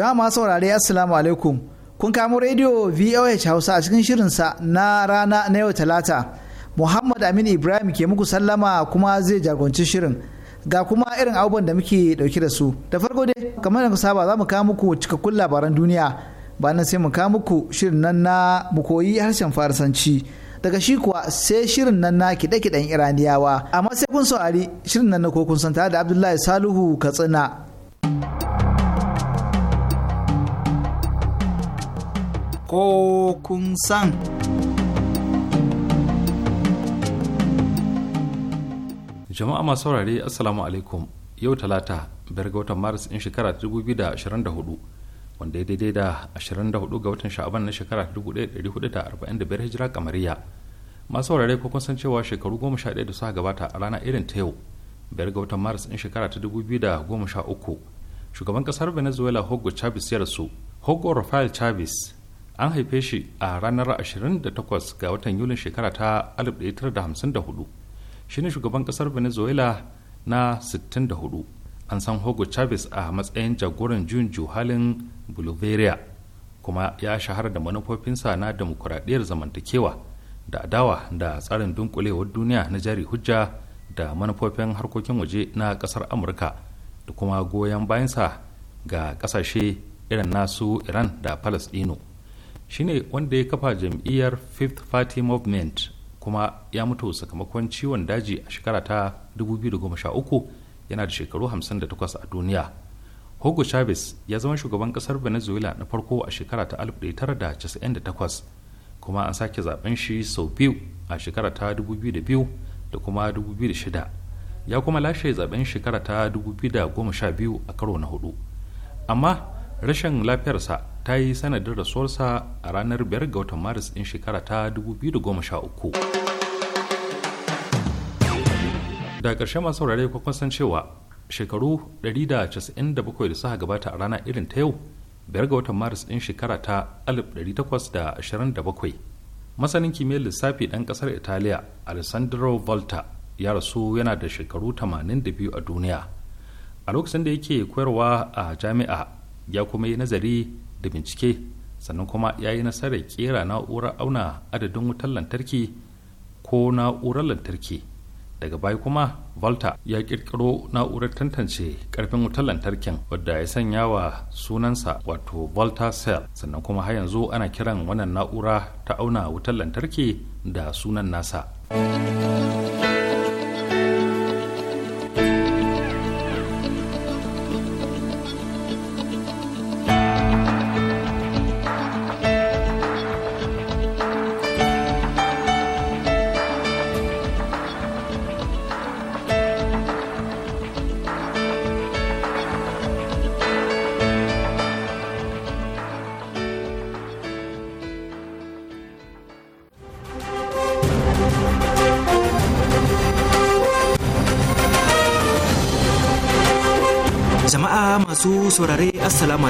Jama'a saurare Assalamu alaikum. Kun kamo rediyo VOH Hausa a cikin shirinsa na rana na yau Talata. Muhammad Amin Ibrahim ke muku sallama kuma zai jagoranci shirin. Ga kuma irin abubuwan da muke dauke da su. Da farko dai, kamar da ku saba za mu kawo muku cikakkun labaran duniya. nan sai mu kawo muku shirin nan na bukoyi koyi harshen Farsanci. Daga shi kuwa sai shirin nan na kiɗe-kiɗen Iraniyawa. Amma sai kun saurari shirin nan na kokun santa da Abdullahi Salihu Katsina. ko kun san. Jama'a masu saurare Assalamu alaikum yau talata biyar ga watan Maris in shekara 2024 wanda ya daidai da 24 ga watan sha'aban na shekara 1445 hijira kamariya. Masu saurare ko kun san cewa shekaru 11 da suka gabata a rana irin ta yau biyar ga watan Maris in shekara ta 2013 shugaban kasar Venezuela Hugo Chavez ya rasu. Hugo Rafael Chavez an haife shi a ranar 28 ga watan yulin shekara ta 1954 shine shugaban kasar venezuela na 64 an san hugo chavez a matsayin jagoran juyin juhalin bolivaria kuma ya shahara da manufofinsa na demokuraɗiyar zamantakewa da adawa da tsarin dunkulewar duniya na jari hujja da manufofin harkokin waje na kasar amurka da kuma goyon bayansa ga kasashe irin nasu iran da palestino shine wanda ya kafa jam'iyyar fifth party movement kuma ya mutu sakamakon ciwon daji a shekara ta 2013 yana da shekaru 58 a duniya hugo chavez ya zama shugaban kasar venezuela na farko a shekara ta 1998 kuma an sake zaben shi sau biyu a shekara ta 2002 da kuma 2006 ya kuma lashe zaben shekara ta 2012 a karo na hudu amma rashin lafiyarsa ta yi sanadin rasuwarsa a ranar 5 ga watan maris din shekara ta 2013 da karshe masu saurare kwakwan san cewa shekaru 197 da suka gabata a rana irin ta yau 5 ga watan maris din shekara ta 1827 masanin kimiyyar lissafi ɗan ƙasar italiya alessandro volta ya rasu yana da shekaru 82 a duniya a lokacin da yake koyarwa a jami'a ya kuma yi nazari da bincike sannan kuma ya yi nasarar kera na'urar auna adadin wutar lantarki ko na'urar lantarki daga baya kuma volta ya kirkiro na'urar tantance karfin wutar lantarkin wadda ya sanya wa sunansa wato volta cell sannan kuma har yanzu ana kiran wannan na'ura ta auna wutar lantarki da sunan nasa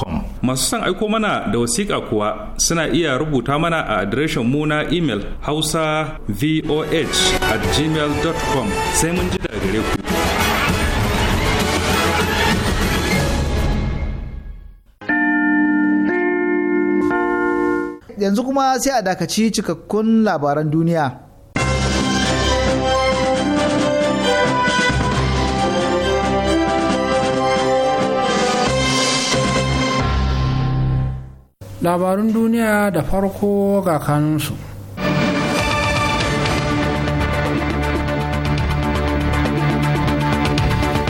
gmail.com masu son aiko mana da wasiƙa kuwa suna iya rubuta mana a adireshin mu na imel hausa voh at gmail.com sai mun ji da gare ku yanzu kuma sai a dakaci cikakkun labaran duniya labarun duniya da farko ga kanunsu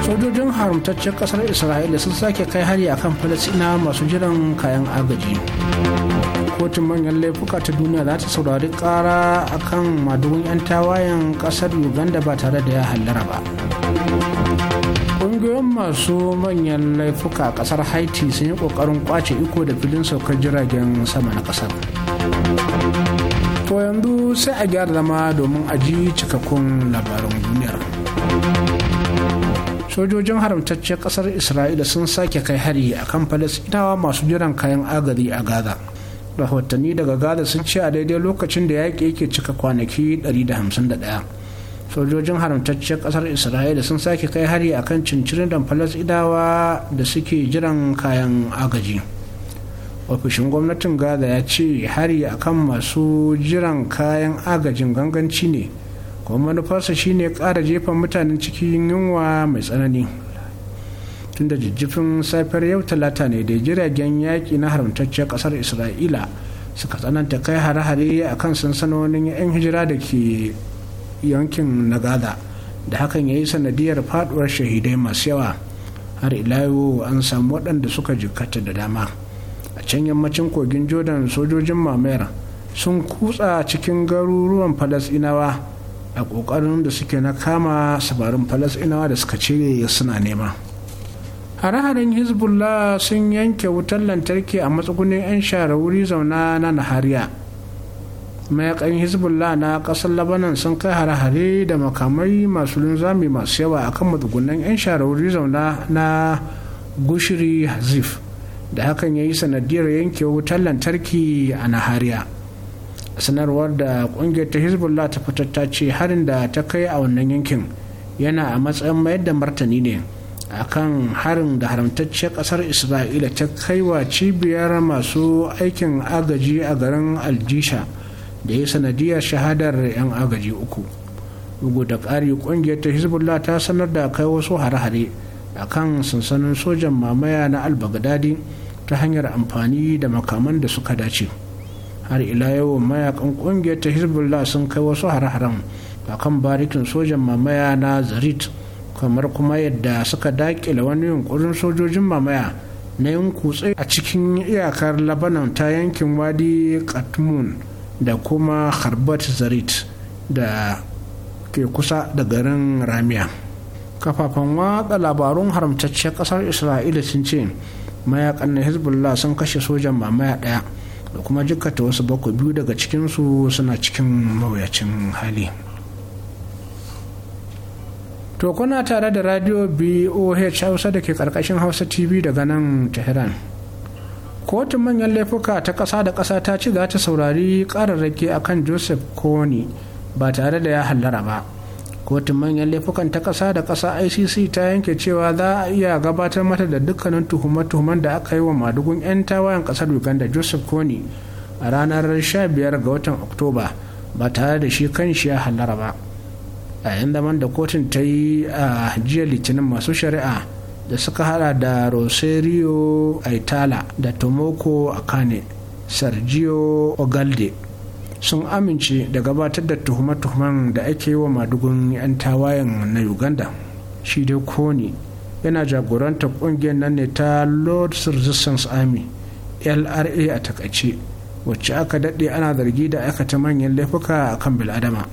sojojin haramtaccen kasar isra'ila sun sake kai hari akan falasina masu jiran kayan agaji kotun manyan laifuka ta duniya za ta saurari kara akan madugun 'yan tawayen kasar uganda ba tare da ya hallara ba ƙungiyoyin masu manyan laifuka a ƙasar haiti sun yi ƙoƙarin kwace iko da filin saukar jiragen sama na ƙasar to yanzu sai a gyara zama domin a ji cikakkun labarin duniyar sojojin haramtaccen ƙasar isra'ila sun sake kai hari a kan falasitawa masu jiran kayan agari a gaza rahotanni daga gaza sun ce a daidai lokacin da yaƙi yake cika kwanaki 151 sojojin haramtaccen kasar isra'ila sun sake kai hari a kan cincirin idawa da suke jiran kayan agaji ofishin gwamnatin gaza ya ce hari a kan masu jiran kayan agajin ganganci ne kuma manufarsa shine kara jefa mutanen cikin yunwa mai tsanani tunda jijjifin safiyar yau talata ne da jiragen yaƙi na haramtaccen ƙasar isra'ila suka tsananta kai hare-hare a kan sansanonin 'yan hijira da ke yankin nagada da hakan ya yi sanadiyar faduwar shahidai masu yawa har ilayo an samu waɗanda suka jikata da dama a can yammacin kogin jordan sojojin mamayar sun kutsa cikin garuruwan falasinawa a ƙoƙarin da suke na kama sabarin falasinawa da suka cire suna nema hare-haren hezbollah sun yanke wutar lantarki a matsugunin 'yan shara wuri zauna na nahariya mayakan hezbollah na kasar labanan sun kai hare-hare da makamai masu linzami masu yawa a kan matsugunan 'yan shahararri zauna na gushiri hazif da hakan ya yi sanadiyar yanke wutar lantarki a nahariya sanarwar da kungiyar ta hezbollah ta fitar ta ce harin da ta kai a wannan yankin yana a matsayin mayar da martani ne akan harin da haramtacciyar kasar isra'ila ta kai wa cibiyar masu aikin agaji a garin aljisha da ya sanadiyar shahadar 'yan agaji uku bugu da ƙari ƙungiyar ta hezbollah ta sanar da kai wasu hare-hare a kan sansanin sojan mamaya na albagadadi ta hanyar amfani da makaman da suka dace har ila yau mayakan ƙungiyar ta hezbollah sun kai wasu hare-haren a kan barikin sojan mamaya na zarit kamar kuma yadda suka daƙile wani yunkurin sojojin mamaya na yin kutse a cikin iyakar labanan ta yankin wadi katmun da kuma harbat zarit da ke kusa da garin ramiya kafafen watsa labarun haramtacciyar kasar isra'ila sun ce mayakan na hezbollah sun kashe sojan mamaya daya da kuma jikata wasu bakwai biyu daga cikinsu suna cikin mawuyacin hali to kuna tare da radio boh hausa da ke karkashin hausa tv daga nan tehran kotun manyan laifuka ta ƙasa da ƙasa ta ci za ta saurari ƙararraki kan joseph kone ba tare da ya hallara ba kotun manyan laifukan ta ƙasa da ƙasa icc ta yanke cewa za a iya gabatar mata da dukkanin tuhume-tuhumen da aka yi wa madugun 'yan tawayen ƙasar uganda joseph kone a ranar 15 ga watan oktoba ba tare da shi kan shi ya hallara ba a yan zaman da kotun ta yi a jiya litinin masu shari'a da suka hada da rosario aitala da tomoko akane sergio ogalde sun amince da gabatar da tuhuma tuhuman da ake yi wa madugun 'yan tawayen na uganda shi dai koni yana jagoranta kungiyar nan ne ta lord's resistance army lra a takaice wacce aka daɗe ana zargi da aikata manyan laifuka a kan biladama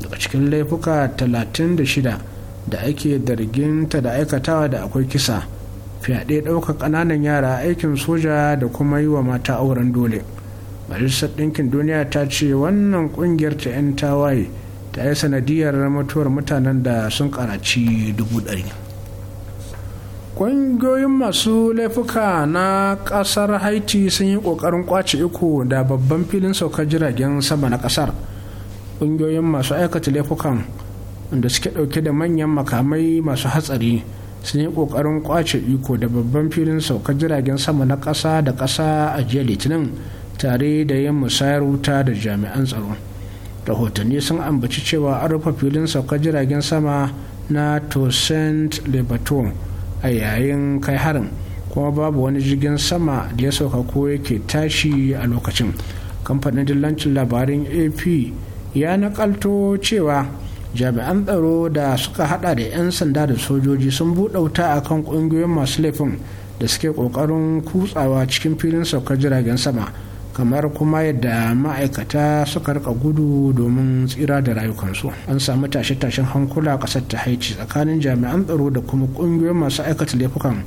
daga cikin laifuka 36 da ake darginta da aikatawa da akwai kisa fyaɗe ɗaukar ƙananan yara aikin soja da kuma yi wa mata auren dole majalisar ɗinkin duniya ta ce wannan ƙungiyar ta 'yan tawaye ta yi sanadiyar mutuwar mutanen da sun karaci dubu ɗari ƙungiyoyin masu laifuka na ƙasar haiti sun yi ƙoƙarin kwace iko da babban filin saukar jiragen sama na ƙasar ƙungiyoyin masu aikata laifukan wanda suke ɗauke da manyan makamai masu hatsari sun yi ƙoƙarin kwace iko da babban filin saukar jiragen sama na ƙasa da ƙasa a jiya litinin tare da yin musayar wuta da jami'an tsaro rahotanni sun ambaci cewa an rufe filin saukar jiragen sama na tosent lebaton a yayin kai harin kuma babu wani jirgin sama da ya sauka ko yake tashi a lokacin kamfanin dillancin labarin ap ya nakalto cewa jami'an tsaro da suka hada da 'yan sanda da sojoji sun buɗe wuta a kan ƙungiyoyin masu laifin da suke ƙoƙarin kutsawa cikin filin saukar jiragen sama kamar kuma yadda ma'aikata suka rika gudu domin tsira da rayukansu an samu tashe-tashen hankula ƙasar ta haici tsakanin jami'an tsaro da kuma ƙungiyoyin masu aikata laifukan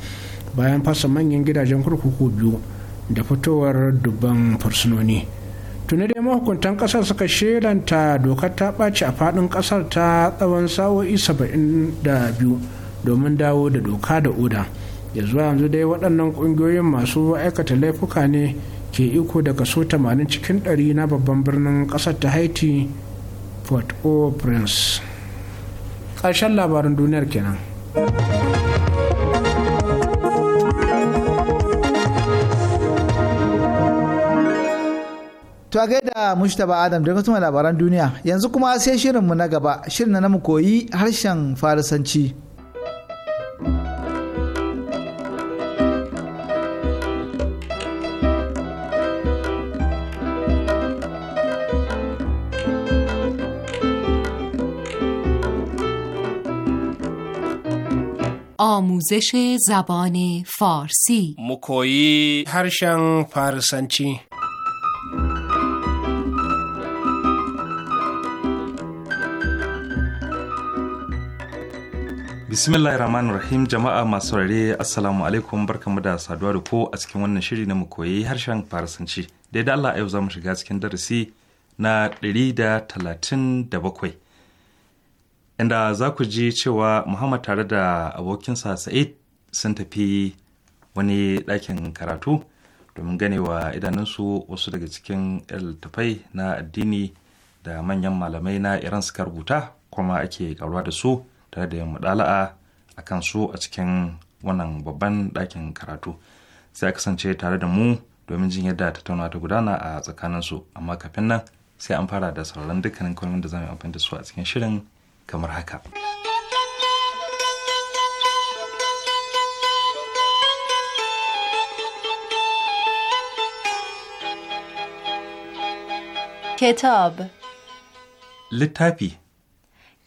bayan fasa manyan gidajen kurkuku biyu da fitowar dubban fursunoni tuni dai mahukuntan kasar suka shelanta dokar ta ɓaci a faɗin kasar ta tsawon sa'o'i saba'in da biyu domin dawo da doka da oda ya zuwa yanzu dai waɗannan ƙungiyoyin masu aikata laifuka ne ke iko da kaso 80 cikin 100 na babban birnin kasar ta haiti port au prince ƙarshen labarin duniyar kenan. To a gaida Mustapha Adam da kuma labaran duniya yanzu kuma sai shirinmu na gaba shirin na mu koyi harshen Farisanci. آموزش زبان فارسی مکویی هرشن فارسنچی rahim jama'a masu saurare assalamu alaikum barkamu da saduwa da ko a cikin wannan shiri na mu koyi harshen faransanci Da da Allah yau za mu shiga cikin darasi na 137. Inda za ku ji cewa Muhammad tare da abokinsa Sa'id sun tafi wani ɗakin karatu domin ganewa idanunsu wasu daga cikin littattafai na addini da manyan malamai na Iran suka rubuta kuma ake karuwa da su. tare da yin mudala'a a kan su a cikin wannan babban ɗakin karatu sai a kasance tare da mu domin jin yadda tattauna ta gudana a tsakanin su amma kafin nan sai an fara da sauran dukkanin kalmomin da zamu amfani da su a cikin shirin kamar haka. کتاب لطفی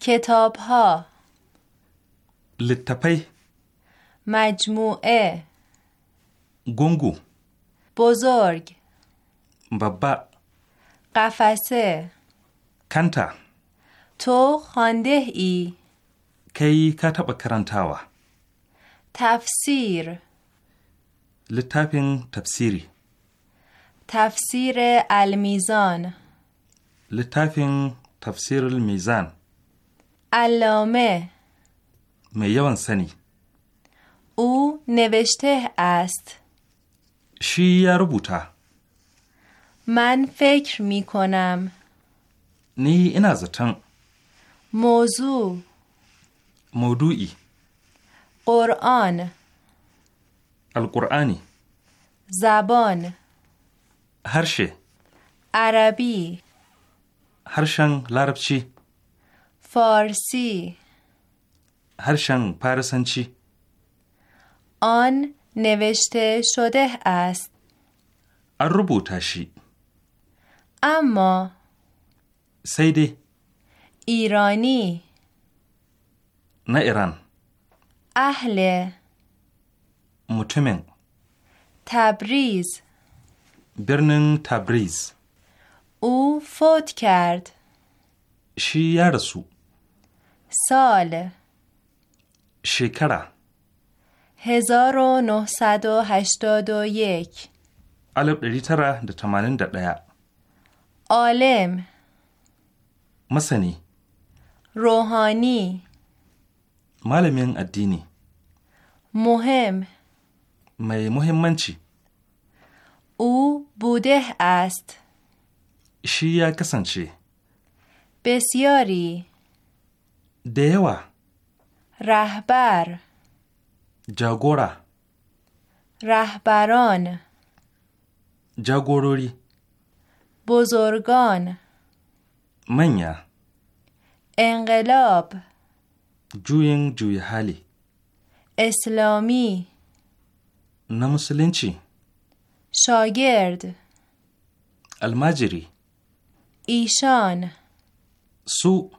کتاب ها littafai مجموعه گونگو بزرگ بابا قفسه کانتا تو خانده ای کی کا تبا کرانتاوا تفسیر littafin tafsiri تفسیر المیزان littafin tafsirul mizan علامه میوان سنی او نوشته است شی روبوتا من فکر می کنم نی این از موضوع موضوعی قرآن القرآنی زبان هرشه عربی هرشن لربچی فارسی هر هرشن چی؟ آن نوشته شده است تشید اما سیده ایرانی نه ایران اهل متمن تبریز برنن تبریز او فوت کرد شیرسو سال Shekara. 1981 Alif ɗari Olim Masani Rohani Malamin addini Muhim Mai muhimmanci U bude ast Shi ya kasance Besiyari Da yawa رهبر جاگورا رهبران جاگوروری بزرگان منیا انقلاب جوین جوی حالی اسلامی نمسلنچی شاگرد المجری ایشان سو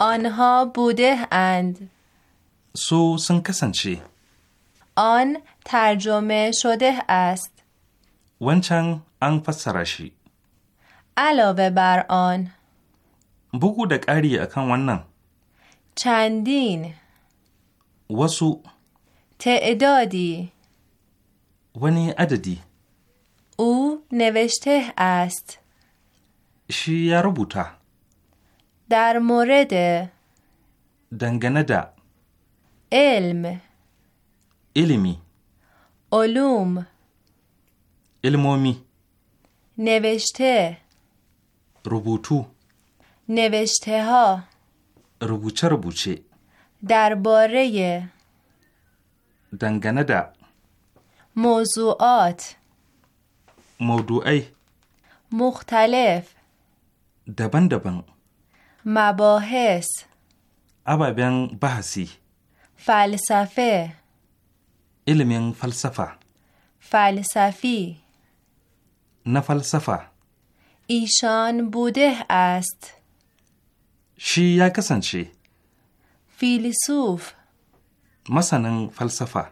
آنها بوده اند سو سن کسنچی آن ترجمه شده است ونچن ان فسرشی علاوه بر آن بگو da ƙari akan wannan چندین وسو تعدادی ونی عددی او نوشته است شی یا ربوتا در مورد دنگنه علم علمی علوم علمومی نوشته روبوتو نوشته ها روبوچه روبوچه درباره دنگنه موضوعات موضوعی مختلف دبن دبن Mabohes. ababen bahasi falsafe ilimin falsafa falsafi na falsafa ishan bude shi ya kasance filisuf masanin falsafa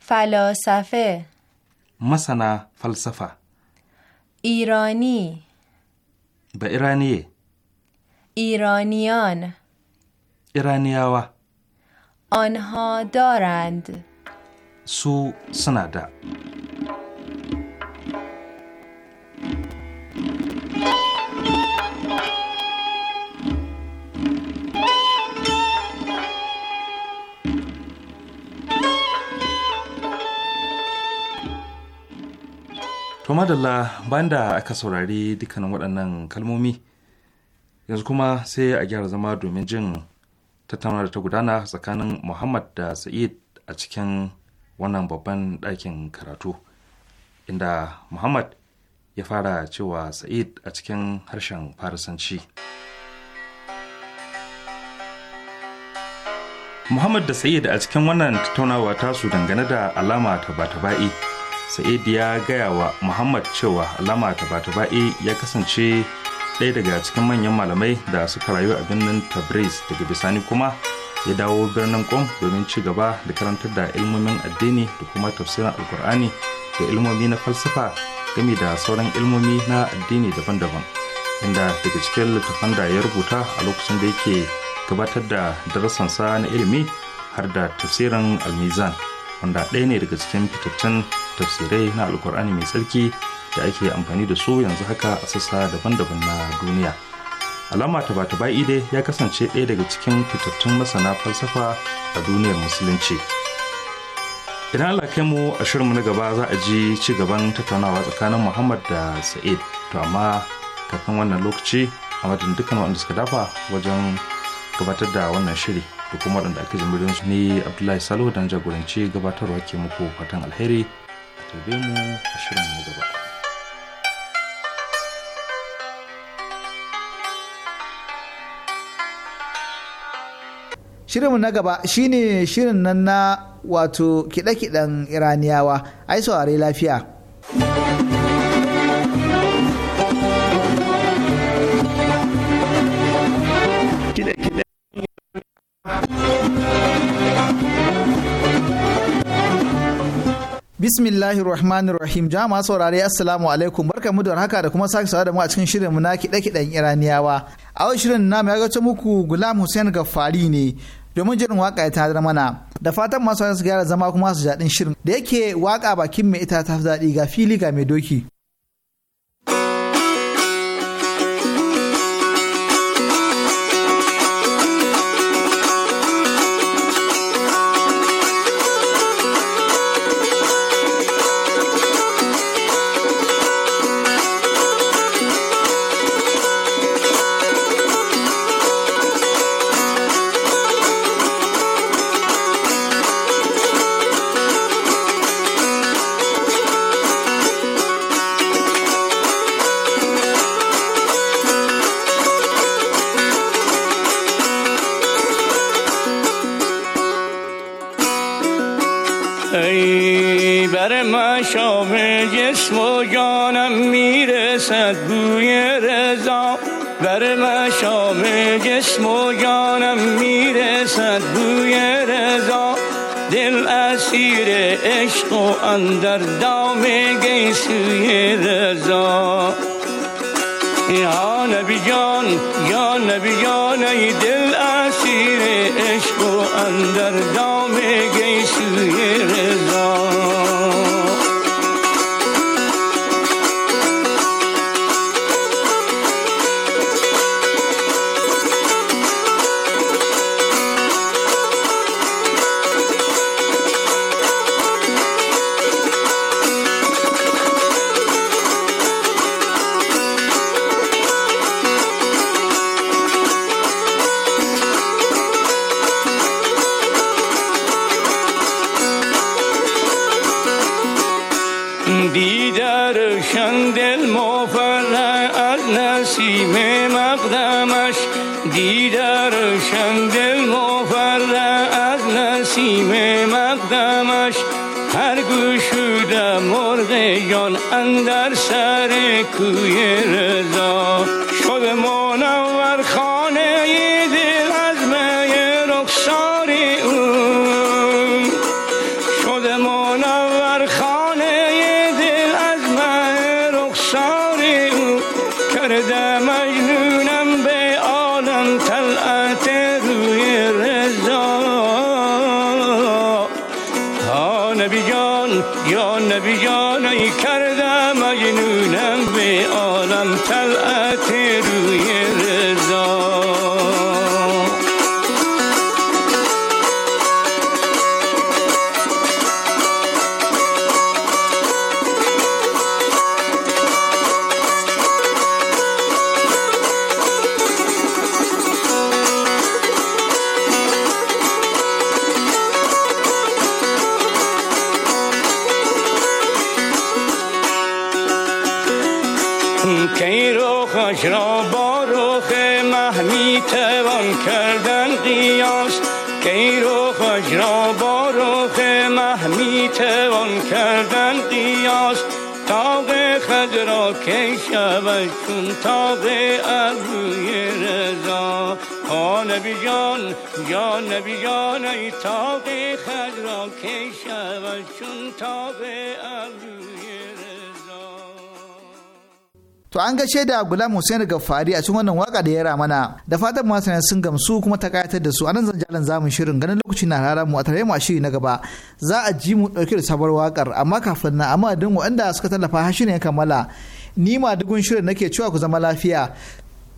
Falosafe. masana falsafa irani ba iraniye ایرانیان ایرانیاوا آنها دارند سو سنادا To madalla bayan da aka saurari dukkanin waɗannan kalmomi yanzu kuma sai a gyara zama domin jin tattaunawar da ta gudana tsakanin muhammad da sa'id a cikin wannan babban ɗakin karatu inda muhammad ya fara cewa sa'id a cikin harshen farisanci muhammad da sa'id a cikin wannan tattaunawa tasu dangane da alama ta ba'i sa'id ya gaya wa muhammad cewa alama ta ba'i ya kasance ɗaya daga cikin manyan malamai da suka rayu a birnin tabriz daga bisani kuma ya dawo birnin kom domin ci gaba da karantar da ilmomin addini da kuma tafsirin alkur'ani da ilmomi na falsafa gami da sauran ilmomi na addini daban-daban inda daga cikin littattafan da ya rubuta a lokacin da yake gabatar da darasansa na ilimi har da tafsirin almizan wanda ɗaya ne daga cikin fitaccen tafsirai na alkur'ani mai tsarki da ake amfani da su yanzu haka a sassa daban-daban na duniya alama ta bata bai dai ya kasance ɗaya daga cikin fitattun masana falsafa a duniyar musulunci idan allah kai mu a shirinmu na gaba za a ji ci gaban tattaunawa tsakanin muhammad da sa'id to amma kafin wannan lokaci a madadin dukkan waɗanda suka dafa wajen gabatar da wannan shiri da kuma waɗanda ake zimirin su ne abdullahi salo don jagoranci gabatarwa ke muku fatan alheri a tarbe mu a shirin na gaba shirinmu na gaba shine shirin nan na wato kiɗe-kiɗen iraniyawa ai saurare lafiya bismillahi Rahmanir Rahim jama'a saurare Assalamu alaikum mu da haka da kuma sake da mu a cikin shirin mu na kiɗe-kiɗen Iraniyawa. A wani shirin namu ya gaci muku Gulam Hussein gafari ne domin jirin waka ya tadar mana da fatan masu wani su gyara zama kuma su jaɗin shirin da yake waƙa bakin mai ita ta fi daɗi ga fili ga mai doki. سوی رضا یا نبی جان یا نبی جان ای دل اسیر عشق و اندر دان هر گوشوده مرغ جان اندر سر کوی رضا شد مانم کی این روخش را با روخ مه توان کردن قیاس که این روخش را با روخ مه توان کردن قیاس تاق خد را که شود چون تاق ابروی رضا ها نبی جان یا نبی جان ای تاق خد را که شود چون To an gaishe da Gulam Hussein fari a cikin wannan waka da ya yara mana. Da fatan masana sun gamsu kuma ta kayatar da su. a nan zan jalan zamun shirin ganin lokaci na rara mu a tare mu a shiri na gaba. Za a ji mu dauke da sabar wakar amma kafin na amma din waɗanda suka tallafa har shirin ya kammala. Ni ma dugun shirin nake cewa ku zama lafiya.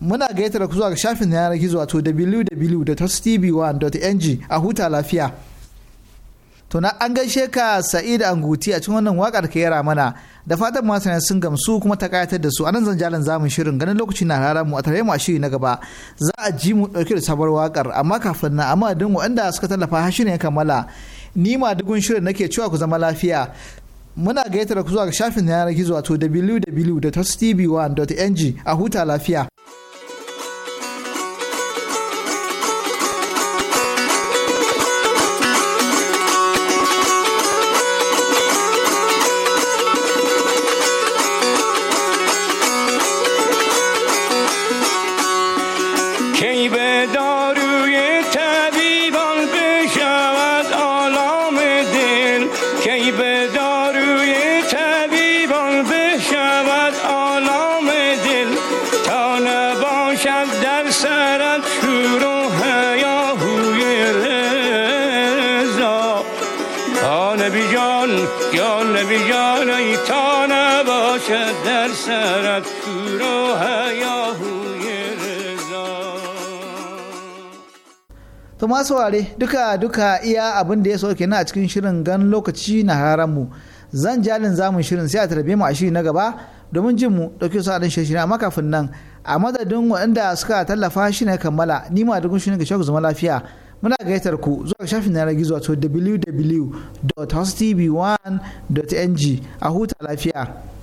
Muna gayyatar ku zuwa ga shafin yanar gizo wato www.tv1.ng a huta lafiya. to na an gaishe ka sa'id anguti a cikin wannan wakar ka yara mana da fatan masana sun gamsu kuma ta kayatar da su anan zan jalan zamun shirin ganin lokaci na rara mu a tare mu a shiri na gaba za a ji mu dauke da sabuwar wakar amma kafin na amma din waɗanda suka tallafa har shirin ya kammala ni ma dugun shirin nake cewa ku zama lafiya muna gayyatar ku zuwa ga shafin yanar gizo wato www.tv1.ng a huta lafiya شود آلام دل تا نباشد در سرم شور و هیاهوی رضا تا نبی جان یا نبی جان ای تا نباشد در سرت شور و هیاهوی to masu ware duka duka iya abin da ya sauke na a cikin shirin gan lokaci na haramu zan jalin zamun shirin sai a tarbe mu a shiri na gaba domin jin mu dauke su a shirin amma kafin nan a madadin waɗanda suka tallafa shi na kammala ni ma dukkan shirin ga shaku zama lafiya muna gaitar ku zuwa shafin na gizo wato www.hostv1.ng a huta lafiya.